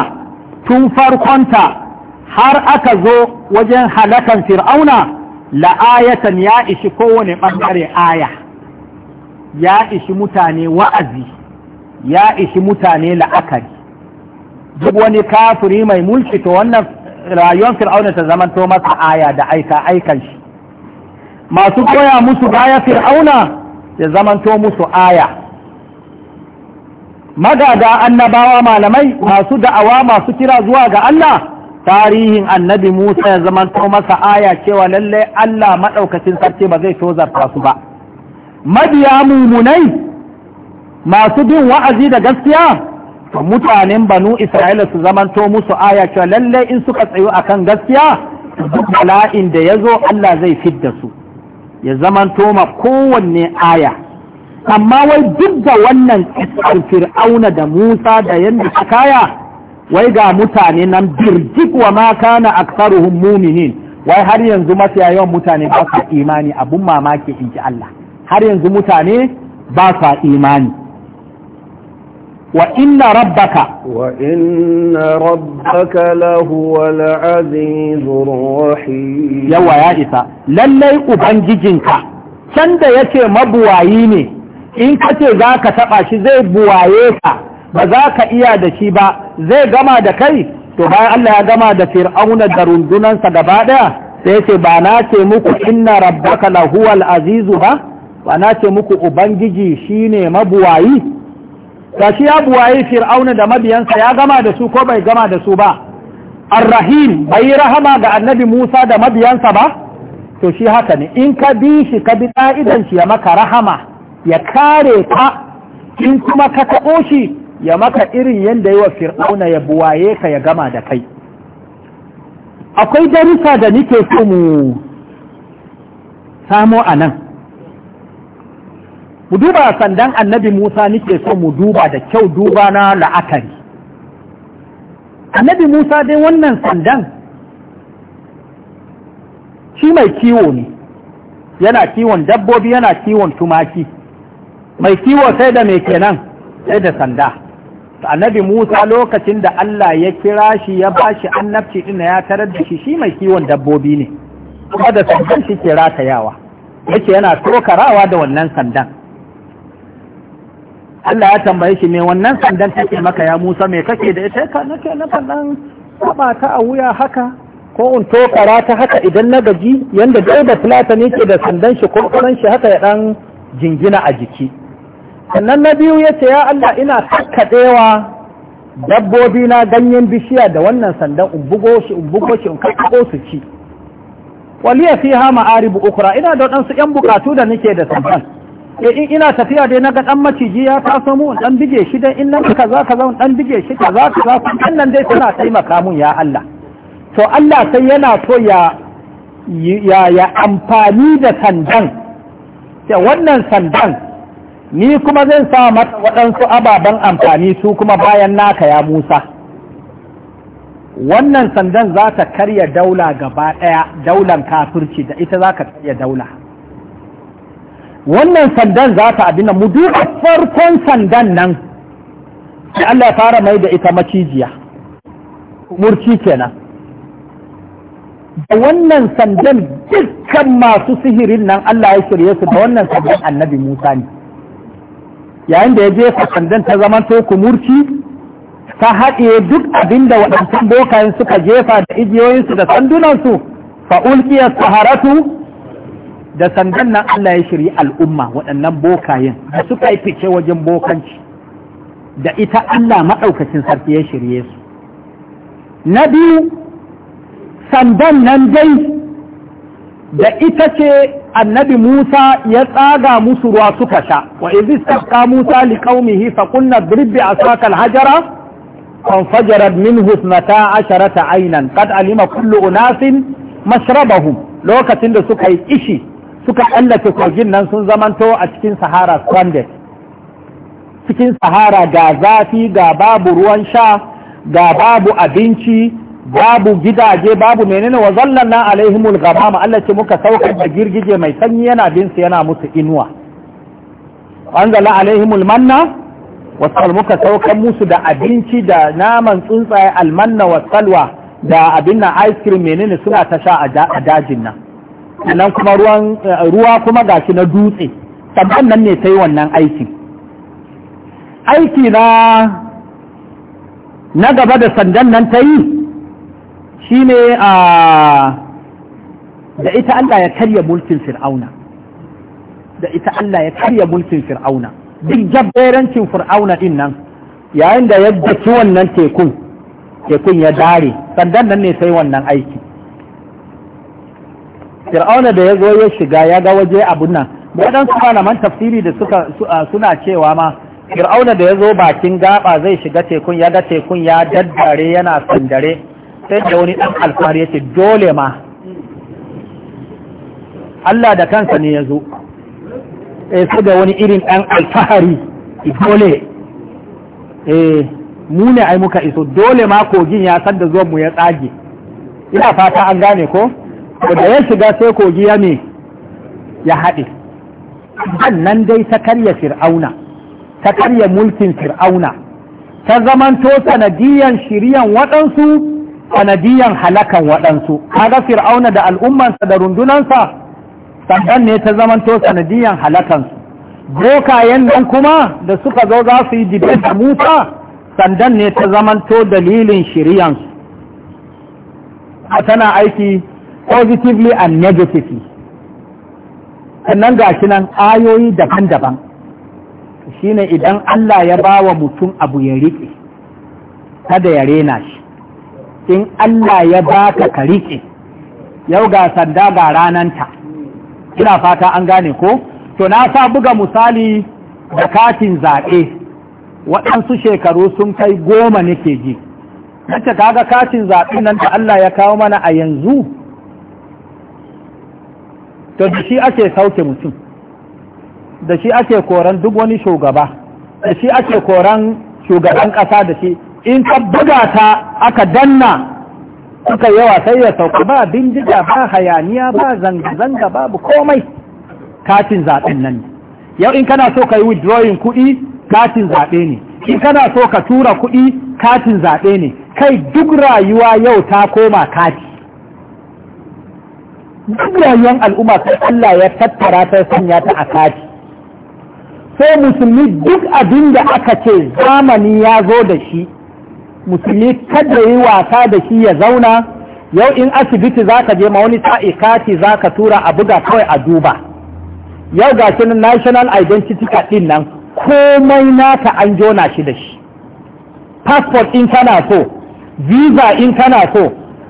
tun farkonta har aka zo wajen halakan Fir'auna la'ayatan ya ishi kowane ɓangare aya. ya ishi mutane wa'azi ya ishi mutane la'akari duk wani kafiri mai mulki to wannan rayuwar fir'auna ta to masa aya da aika aikan shi masu koya musu baya fir'auna ya zamanto musu aya magada annabawa malamai masu da'awa masu kira zuwa ga Allah tarihin annabi Musa ya zamanto masa aya cewa lallai Allah maɗaukacin sarki ba zai tozarta su ba mabiya mummunai masu bin wa'azi da gaskiya mutanen banu isra'ila su zamanto musu aya cewa lallai in suka tsayo akan gaskiya duk bala'in da ya zo Allah zai fidda su ya zamanto ma kowanne aya amma wai duk da wannan ƙasar fir'auna da musa da yadda ta kaya wai ga mutane nan birjik wa ma kana aksaruhum muminin wai har yanzu mafiya yawan mutane ba su imani abun mamaki in ji Allah har yanzu mutane ba sa imani wa inna rabbaka
wa inna rabbaka lahuwa al'azizur
rahim yawa ya isa lallai ubangijinka can da yace mabuwayi ne in ka ce za ka taɓa shi zai buwaye ka ba za ka iya da shi ba zai gama da kai to bayan Allah ya gama da fir'auna da rundunansa gaba ɗaya. sai ce ba na ce muku inna rabbaka lahuwal azizu ba ba na ce muku ubangiji shine mabuwayi shi ya buwayi fir'auna da mabiyansa ya gama da su ko bai gama da su ba arrahim bai yi rahama ga annabi musa da mabiyansa ba to shi haka ne in ka bi shi ka bi ɗa'idan shi ya maka rahama ya kare ka in kuma ka taɓo shi ya maka irin yadda yi wa fir'auna ya buwaye ka ya gama da kai akwai darusa da nike so mu samo a nan mu duba sandan annabi Musa nike so mu duba da kyau duba na la'akari annabi Musa dai wannan sandan shi mai kiwo ne yana kiwon dabbobi yana kiwon tumaki mai kiwo sai da mai kenan sai da sanda annabi Musa lokacin da Allah ya kira shi ya ba shi annabci ɗin ya tarar da shi shi mai kiwon dabbobi ne kuma da sandan shi ke ratayawa yake yana tokarawa da wannan sandan Allah ya tambaye shi me wannan sandan take maka ya Musa me kake da ita ka nake na fadan saba ta a wuya haka ko in to ta haka idan na gaji yanda Dauda Platan ke da sandan shi ko kuran shi haka ya dan jingina a jiki sannan na biyu yace ya Allah ina kakkadewa dabbobi na ganyen bishiya da wannan sandan in bugo shi in bugo shi in kakkako su ci waliya fiha ma'arib ukra ina da wadansu yan bukatu da nake da sandan Eh, in ina tafiya dai ga dan maciji ya taso mu dan bige shi dan in nan kaza zaun dan bige shi Za ka kan nan dai suna taimaka mun ya Allah to Allah sai yana so ya ya amfani da sandan ya wannan sandan ni kuma zan sa mata waɗansu ababen amfani su kuma bayan naka ya Musa wannan sandan za ta karya daula gaba ɗaya daulan kafirci da ita za ka karya daula wannan sandan za ta abin mu duka farkon sandan nan sai Allah ya fara mai da ita macijiya murci kenan da wannan sandan dukkan masu sihirin nan Allah ya shirye su da wannan sandan annabi Musa ne yayin da ya jefa sandan ta zama to ku murci, ta haɗe duk abin da waɗancan bokayen suka jefa da igiyoyinsu da sandunansu fa'ulkiyar saharatu da sandan nan Allah ya shiri al'umma waɗannan bokayen da suka yi fice wajen bokanci da ita Allah maɗaukacin sarki ya shirye su na biyu sandan nan dai da ita ce annabi Musa ya tsaga musu ruwa suka sha wa izi saka Musa li qaumihi fa kunna birbi a al-hajara fanfajarat minhu ta asharata aynan qad alima kullu unasin mashrabahum lokacin da suka yi ishi. suka tsallake kogin nan sun zamanto a cikin sahara stranded cikin sahara ga zafi ga babu ruwan sha ga babu abinci babu gidaje babu menene wa zallanna alaihimul ghamama Allah ce muka saukar da girgije mai sanyi yana bin yana musu inuwa anzala alaihimul manna wasal muka saukar musu da abinci da naman tsuntsaye almanna wasalwa da abin na ice cream menene suna ta sha a dajin nan nan kuma ruwan eh, ruwa kuma gashi na dutse saban nan ne sai wannan aiki aiki na na gaba da sandan nan ta yi shine a ah, da ita Allah ya karya mulkin fir'auna da ita Allah ya karya mulkin fir'auna duk jabberancin fir'auna din nan yayin da ya daki wannan tekun tekun ya dare sandan nan ne sai wannan aiki fir'auna da ya zo ya shiga ya ga waje abun nan waɗansu malaman tafsiri da suka suna cewa ma fir'auna da ya zo bakin gaba zai shiga tekun ya ga tekun ya daddare yana sandare sai da wani ɗan alfahar ya ce dole ma Allah da kansa ne ya zo eh sai da wani irin ɗan alfahari dole eh mu ne ai muka iso dole ma kogin ya san da zuwan mu ya tsage ina fata an gane ko da ya shiga sai kogi ya me ya haɗe sannan dai ta karya fir'auna ta karya mulkin fir'auna ta zamanto sanadiyan shiriyan waɗansu sanadiyan halakan waɗansu kaga fir'auna da al'ummansa da rundunansa sandan ne ta zamanto sanadiyan halakansu bokayen nan kuma da suka zo za su yi jibe da musa sandan ne ta zamanto dalilin shiriyansu tana aiki positively and negatively sannan ga shi nan ayoyi daban-daban shine idan Allah ya ba wa mutum abu ya riƙe kada ya rena shi in Allah ya ba ka ka riƙe yau ga sanda ga rananta ina fata an gane ko to na sa buga misali da katin zaɓe waɗansu shekaru sun kai goma nake ji nace kaga katin zaɓe nan da Allah ya kawo mana a yanzu to da shi ake sauke mutum da shi ake koran duk wani shugaba da shi ake koran shugaban ƙasa da shi in ka buga ta aka danna suka yawa sai ya sauka ba bindiga ba hayaniya ba zanga-zanga babu komai katin zaɓen nan yau in kana so ka yi withdrawing kuɗi katin zaɓe ne in kana so ka tura kuɗi katin zaɓe ne kai duk rayuwa yau ta koma kati duk rayuwar al'umma sai Allah ya tattara ta sanya ta a kati sai musulmi duk abin da aka ce zamani ya zo da shi musulmi kada yi wasa da shi ya zauna yau in asibiti za ka je ma wani sa'i kati za ka tura a buga kawai a duba yau ga shi national identity card din nan komai naka an jona shi da shi passport in kana so visa in kana so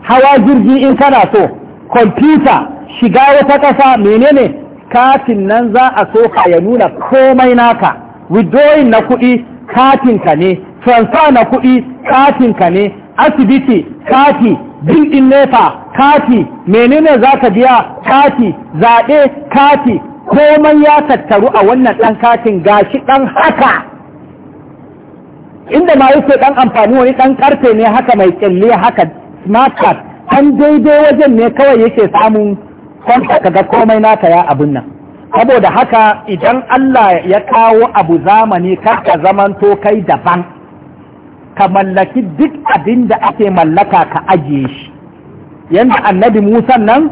hawa jirgi in kana so kwamfuta shiga wata ƙasa menene katin nan za a soka ya nuna komai naka withdrawing na kuɗi katinka ne transfer na kuɗi katinka ne asibiti kati bildin nefa kati menene za ka biya kati zaɓe kati komai ya tattaru a wannan ɗan katin gashi ɗan haka inda ma sai ɗan amfani wani ɗan ƙarfe ne haka mai ƙyalle haka smart card an daidai wajen ne kawai yake samun kwanta kaga komai naka ya abin nan saboda haka idan Allah ya kawo abu zamani karka to kai daban ka mallaki duk abin da ake mallaka ka ajiye shi yanda annabi Musa nan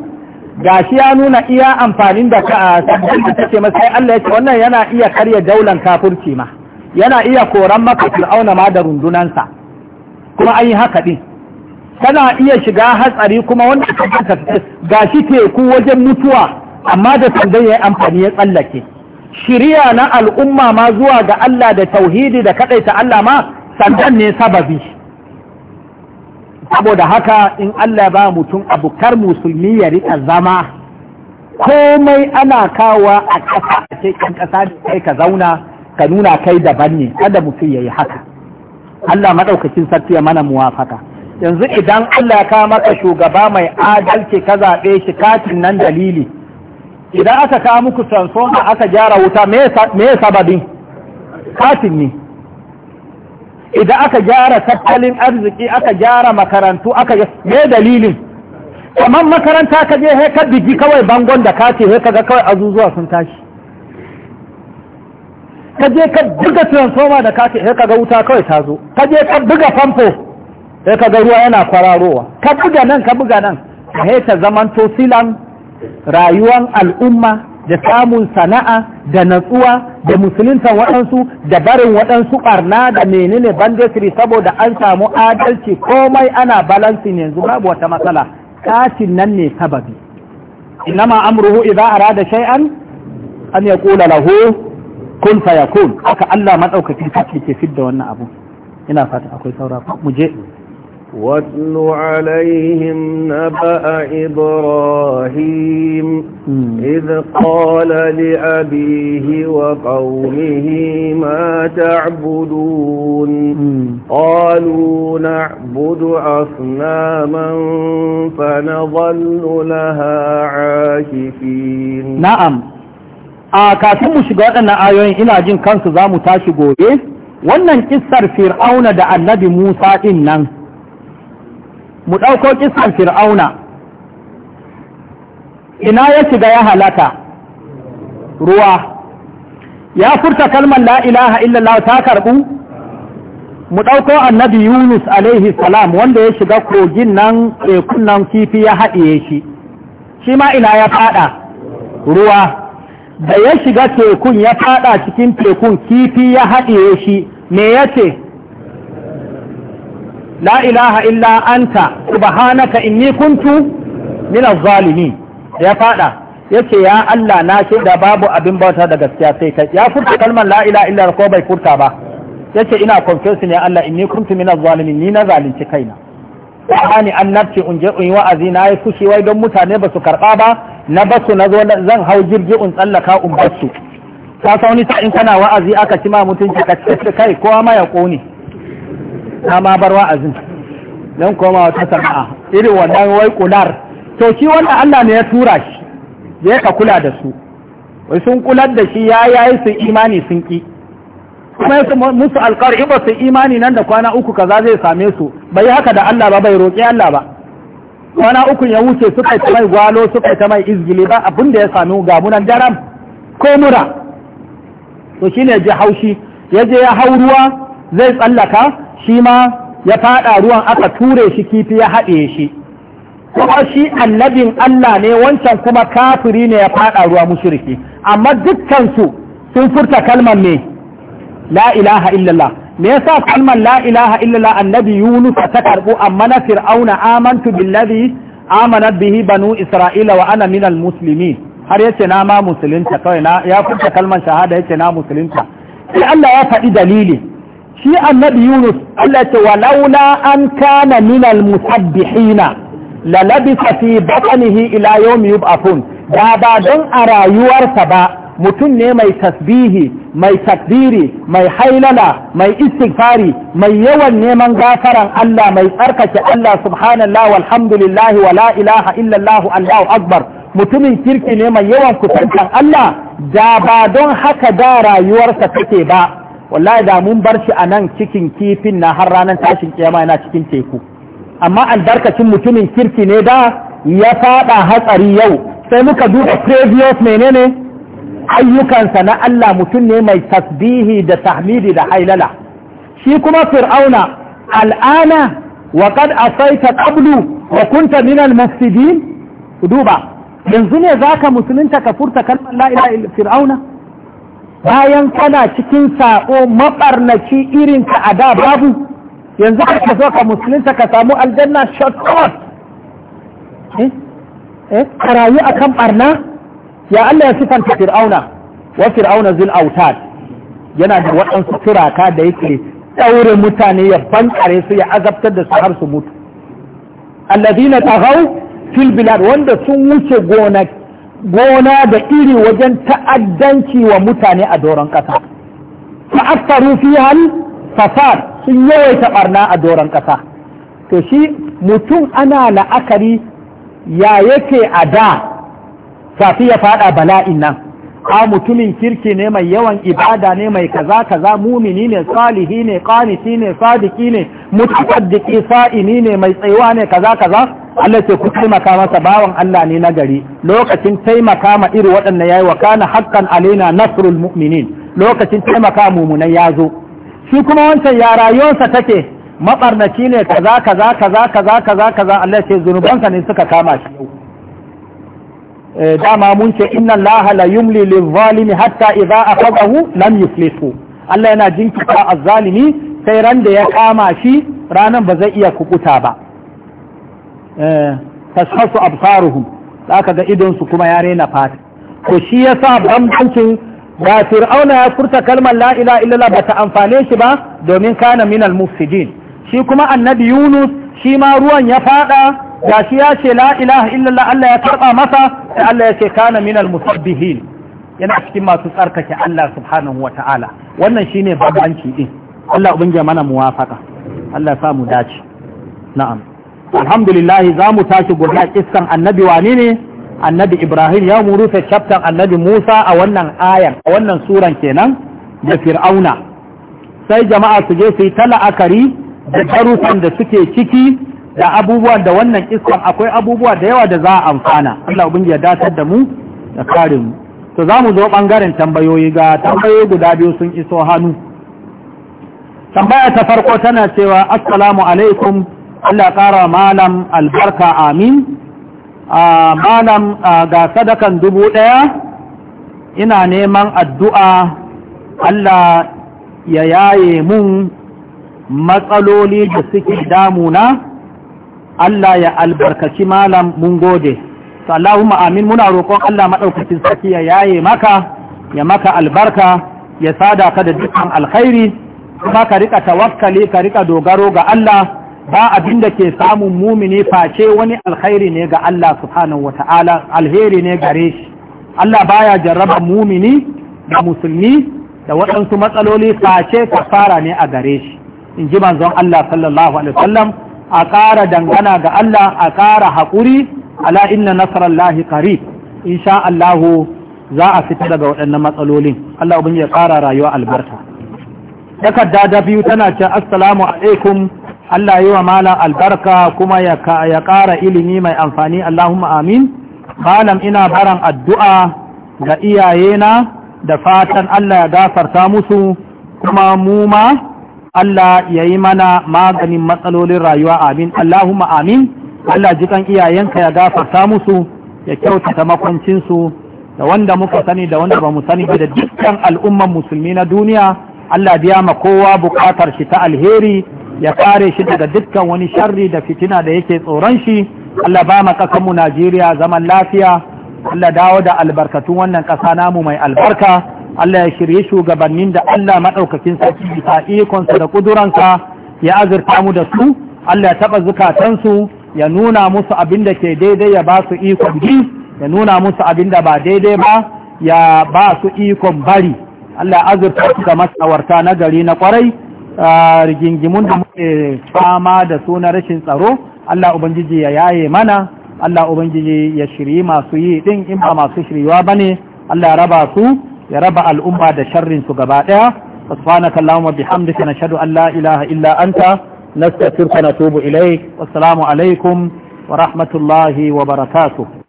shi ya nuna iya amfanin da ka sabbin da take masa sai Allah ya ce wannan yana iya karya daular kafirci ma yana iya koran maka fir'auna ma da rundunansa kuma an yi haka din Tana iya shiga hatsari kuma wanda ka ga shi teku wajen mutuwa amma da sandan ya yi amfani ya tsallake shirya na al'umma ma zuwa ga Allah da tauhidi da kaɗaita Allah ma sandan ne sababi saboda haka in Allah ba mutum abukar musulmi ya rika zama komai ana kawa a kasa a cikin ƙasa kai ka zauna ka nuna kai daban ne kada mutum ya yi haka Allah maɗaukakin sarki ya mana muwafaka yanzu idan Allah ka maka shugaba mai adalci ka zaɓe shi katin nan dalili idan aka ka muku transformer aka gyara wuta me ya sababin katin ne idan aka gyara tattalin arziki aka gyara makarantu aka me dalilin kamar makaranta ka je ka bigi kawai bangon da kace he kaga kawai azuzuwa sun tashi ka je ka buga transformer da kace he kaga wuta kawai ta zo ka je ka buga famfo sai ka ga ruwa yana kwararowa ka buga nan ka buga nan sai ta zamanto silan rayuwan al'umma da samun sana'a da natsuwa da musuluntan waɗansu da barin waɗansu ɓarna da menene bandesiri saboda an samu adalci komai ana balansin yanzu babu wata matsala katin nan ne sababi innama amruhu idza arada shay'an an yaqula lahu kun fayakun haka Allah madaukakin sarki ke fidda wannan abu ina fata akwai saura mu je
واتل عليهم نبأ إبراهيم إذ قال لأبيه وقومه ما تعبدون قالوا نعبد أصناما فنظل
لها عاكفين نعم a kafin mu shiga waɗannan ayoyin ina jin kansu za mu tashi gobe wannan kissar fir'auna da annabi musa ɗin mu ɗauko kisan fir'auna ina ya shiga ya halata? ruwa ya furta kalmar la'ilaha ilaha illallah ta karɓu mu ɗauko annabi yunus alaihi salam wanda ya shiga kogin nan tekun nan kifi ya haɗiye shi shi ma ina ya faɗa ruwa da ya shiga tekun ya faɗa cikin tekun kifi ya haɗiye shi me ya ce la ilaha illa anta subhanaka inni kuntu min az ya fada yace ya Allah na ce da babu abin bauta da gaskiya sai kai ya furta kalmar la ilaha illa ko bai furta ba yace ina confess ne Allah inni kuntu min ni na zalunci kaina wa'ani annabci je in wa'azi na yi fushi wai don mutane ba su karba ba na basu na zo zan hau jirgi in tsallaka in basu ka sauni ta in kana wa'azi aka ci ma mutunci ka ce kai kowa ma ya kone na ma bar wa'azin don koma wata sana'a irin wannan wai kular to shi wanda Allah ne ya tura shi je ka kula da su wai sun kular da shi ya yayi su imani sun ki kuma yasu musu alƙar iba su imani nan da kwana uku kaza zai same su bai haka da Allah ba bai roƙi Allah ba kwana uku ya wuce suka yi ta mai gwalo suka yi ta mai izgili ba abin da ya sami ga munan daram ko mura to shine ji haushi ya je ya hau ruwa zai tsallaka shi ma ya faɗa ruwan aka ture shi kifi ya haɗe shi kuma shi annabin Allah ne wancan kuma kafiri ne ya faɗa ruwa mushriki amma dukkansu sun furta kalmar ne. la ilaha illallah me yasa kalmar la ilaha illallah annabi Yunus ta karbu amma na fir'auna amantu billazi amanat bihi banu isra'ila wa ana minal muslimin har yace na ma musulunta kawai na ya furta kalmar shahada yace na musulunta sai Allah ya faɗi dalili shi annabi yunus Allah ce walaula an kana minal musabbihina la labisa fi batnihi ila yawmi yub'athun da ba don a rayuwarsa ba mutum ne mai tasbihi mai takbiri mai hailala mai istighfari mai yawan neman gafaran Allah mai tsarkake Allah subhanallah walhamdulillah wala ilaha illallah Allahu akbar mutumin kirki ne mai yawan kusantan Allah da ba don haka da rayuwarsa take ba wallahi da mun bar shi a nan cikin kifin na har ranar tashin kiyama yana cikin teku amma albarkacin mutumin kirki ne da ya fada hatsari yau sai muka duba previous menene ayyukansa na Allah mutum ne mai tasbihi da tahmidi da hailala shi kuma fir'auna al'ana wa kad asaita qablu wa kunta min al-mufsidin duba yanzu ne zaka musulunta ka furta kalmar la ilaha illa fir'auna bayan kana cikin saƙo maɓarnaci irin ka a da babu yanzu ka zo ka musulunta ka samu aljanna shortcut eh? eh? ka rayu a kan ɓarna ya Allah ya sifanta fir'auna wa fir'auna zil autad yana da waɗansu turaka da yake ɗaure mutane ya bankare su ya azabtar da su har su mutu alladina tagau fil bilad wanda sun wuce gona. gona da iri wajen ta'addanci wa mutane a doron ƙasa fa'aktaru fi hal fasad sun yawaita barna a doron ƙasa to shi mutum ana la'akari ya yake a da safi ya fada bala'in nan a mutumin kirki ne mai yawan ibada ne mai kaza kaza mumini ne salihi ne qaniti ne sadiki ne mutasaddiki sa'ini ne mai tsayuwa ne kaza kaza Allah ce ku taimaka masa bawan Allah ne na gari lokacin taimaka ma iri waɗannan yayi wa kana haqqan alaina nasrul mu'minin lokacin taimaka mumunan ya zo shi kuma wancan ya rayuwarsa take mabarnaci ne kaza kaza kaza kaza kaza kaza Allah ce zunubansa ne suka kama shi yau eh, dama mun ce inna Allah la yumli lil zalimi hatta idza akhadahu lam yuflihu Allah yana jinkita azzalimi sai ran da ya kama shi ranan ba zai iya kukuta ba Eh, tashasu absaruhum zaka ga idon su kuma ya rena fata to shi yasa bambancin da fir'auna ya furta kalmar la ilaha illallah bata amfane shi ba domin kana minal mufsidin shi kuma annabi yunus shi ma ruwan ya fada ga shi ya ce la ilaha Allah ya karba masa sai Allah ya ce kana minal musabbihin yana cikin masu tsarkake Allah subhanahu wata'ala wannan shine bambanci din Allah ubangiji mana muwafaka Allah ya samu dace na'am alhamdulillah za mu tashi guda kiskan annabi wani ne annabi ibrahim ya mu rufe chapter annabi musa a wannan ayan a wannan suran kenan da fir'auna sai jama'a su je su yi ta la'akari da darussan da suke ciki da abubuwan da wannan iskan akwai abubuwa da yawa da za a amfana Allah ya datar da mu da kare mu to za mu zo bangaren tambayoyi ga tambayoyi guda biyu sun iso hannu tambaya ta farko tana cewa assalamu alaikum Allah kara malam albarka amin malam ga sadakan dubu ɗaya ina neman addu'a Allah ya yaye mun matsaloli da suke damuna Allah ya albarkaci malam mun gode Allahumma amin muna roƙon Allah maɗaukacin sarki ya yaye maka ya maka albarka ya sada ka da dukkan alkhairi kuma ka rika tawakkali ka rika dogaro ga Allah ba abin da ke samun mumini face wani alkhairi ne ga Allah subhanahu wa ta'ala alheri ne gare shi Allah baya jarraba mumini da musulmi da waɗansu matsaloli face kafara ne a gare shi in ji manzon Allah sallallahu alaihi wasallam a ƙara dangana ga Allah a ƙara haƙuri ala inna nasarallahi qarib insha Allah za a fita daga waɗannan matsalolin Allah ubangiji ya ƙara rayuwa albarka takarda da biyu tana ce assalamu alaikum Allah yi wa malam albarka kuma ya ƙara ilimi mai amfani Allahumma amin malam ina baran addu'a ga iyayena da fatan Allah ya gafarta musu kuma mu ma Allah ya yi mana maganin matsalolin rayuwa amin Allahumma amin Allah jikan iyayenka ya gafarta musu ya kyautata makwancinsu da wanda muka sani da wanda ba mu sani da dukkan al'umman musulmi na duniya Allah biya ma kowa buƙatar shi ta alheri ya kare shi daga dukkan wani sharri da fitina da yake tsoron shi Allah ba mu ƙasar mu Najeriya zaman lafiya Allah dawo da albarkatun wannan ƙasa namu mai albarka Allah ya shirye shugabannin da Allah maɗaukakin sarki bisa ikonsa da kuduransa. ya azurta mu da su Allah ya taɓa su ya nuna musu abin da ke daidai ya ba su ikon bi ya nuna musu abin da ba daidai ba ya ba su ikon bari Allah azurta su da masawarta na gari na kwarai rigingimun da muke fama da suna rashin tsaro Allah ubangiji ya yaye mana Allah ubangiji ya shiri masu yi din in ba masu shiriwa bane Allah ya raba su ya raba al'umma da sharrin su gaba daya subhanaka allahumma bihamdika nashhadu an la ilaha illa anta nastaghfiruka wa natubu ilaik wassalamu alaikum wa rahmatullahi wa barakatuh